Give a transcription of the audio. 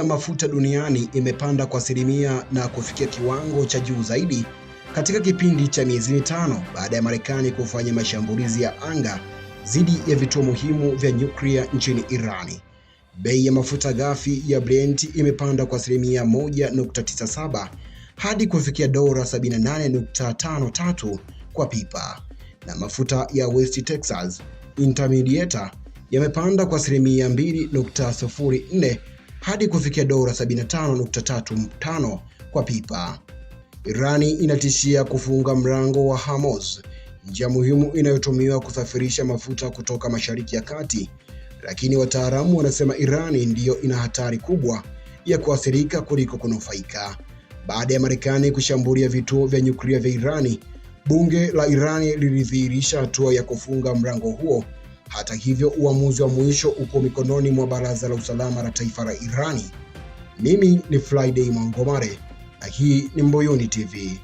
ya mafuta duniani imepanda kwa asilimia na kufikia kiwango cha juu zaidi katika kipindi cha miezi mitano baada ya Marekani kufanya mashambulizi ya anga dhidi ya vituo muhimu vya nyuklia nchini Irani. Bei ya mafuta ghafi ya Brent imepanda kwa asilimia 1.97 hadi kufikia dola 78.53 kwa pipa, na mafuta ya West Texas Intermediate yamepanda kwa asilimia 2.04 hadi kufikia dola 75.35 kwa pipa. Irani inatishia kufunga mlango wa Hormuz, njia muhimu inayotumiwa kusafirisha mafuta kutoka Mashariki ya Kati, lakini wataalamu wanasema Irani ndiyo ina hatari kubwa ya kuathirika kuliko kunufaika. Baada ya Marekani kushambulia vituo vya nyuklia vya Irani, bunge la Irani lilidhihirisha hatua ya kufunga mlango huo hata hivyo, uamuzi wa mwisho uko mikononi mwa Baraza la Usalama la Taifa la Irani. Mimi ni Friday Mwangomare na hii ni Mbuyuni TV.